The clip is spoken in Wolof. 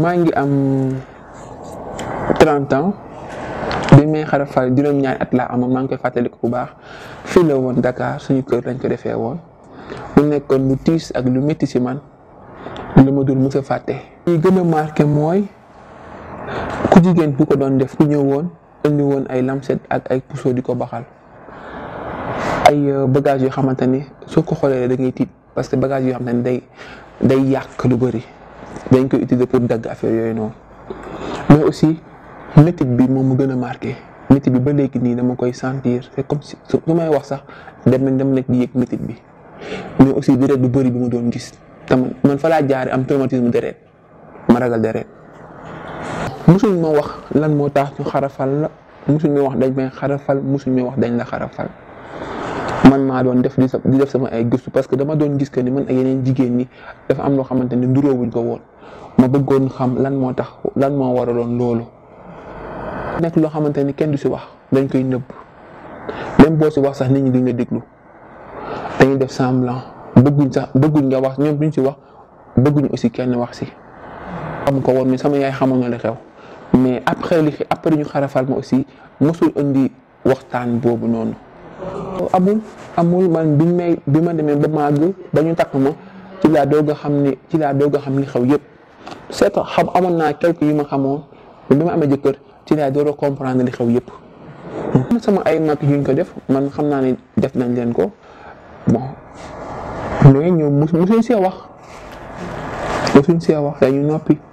maa ngi am trente ans bi may fa di juróom-ñaari at laa amoon maa ngi koy fàttaliku bu baax fii la woon Dakar suñu kër lañ ko defee woon mu nekkoon lu tiis ak lu metti si man lu ma dul mës a fàtte. li gën a marqué mooy ku jigéen ku ko doon def ku woon indi woon ay lamset ak ay puso di ko baxal ay euh, bagages yoo xamante ni soo ko xoolee da ngay tiit parce que bagage yoo xamante ni day day yàq lu bari dañ koy utiliser pour dagg affaire yooyu noonu mais aussi métit bi moom mu gën a marqué métit bi ba léegi nii dama koy sentir c'est comme si su may wax sax dem nañ dem nekk di yëg métit bi mais aussi deret bu bëri bi ma doon gis tamit man fa laa jaare am traumatisme deret ma ragal deret musuñ ma wax lan moo tax ñu xarafal la musuñ ma wax dañ may xarafal musuñ ma wax dañ la xarafal man maa doon def di def sama ay gëstu parce que dama doon gis que ni man ak yeneen jigéen dafa am loo xamante ne nduroowuñ ko woon ma bëggoon xam lan moo tax lan moo waraloon loolu. nekk loo xamante ni kenn du si wax dañ koy nëbb même boo si wax sax nit ñi di la déglu dañuy def semblant bëgguñ sax bëgguñ nga wax ñoom duñ si wax bëgguñ aussi kenn wax si. xam ko woon mais sama yaay xamoon na li xew mais après li après ñu xarafal ma aussi mosul indi waxtaan boobu noonu. amul amul man biñ may bi ma demee ba màgg ba ñu takk ma ci laa doog a xam ni ci laa doog a xam ni xew yëpp c'est xam amoon naa quelques yu ma xamoon ba ma amee jëkkër ci laa doog a comprendre li xew yëpp. man sama ay mag yuñ ko def man xam naa ne def nañ leen ko bon mais ñoom mosuñ see wax mosuñ see wax dañu noppi.